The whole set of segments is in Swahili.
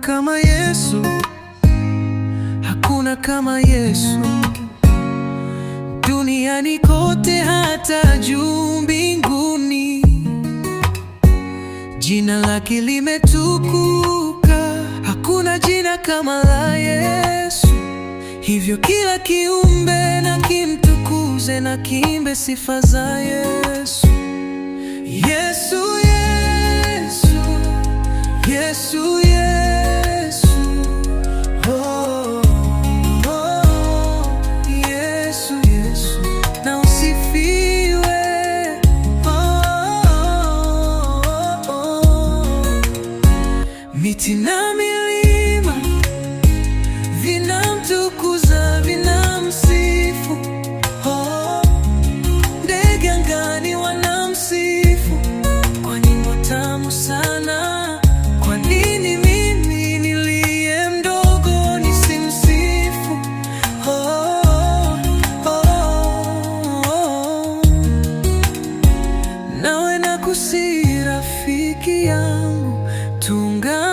kama Yesu, hakuna kama Yesu duniani kote, hata juu mbinguni. Jina lake limetukuka, hakuna jina kama la Yesu, hivyo kila kiumbe na kimtukuze na kimbe sifa za Yesu. Yesu si rafiki yangu tunga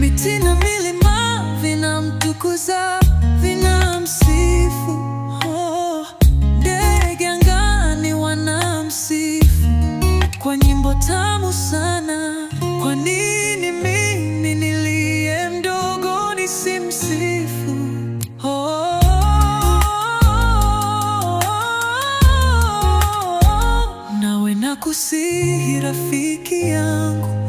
Miti na milima vinamtukuza, vinamsifu. Oh, ndege angani wanamsifu kwa nyimbo tamu sana. Kwa nini mimi niliye mdogo nisimsifu? Oh. Nawe nakusihi rafiki yangu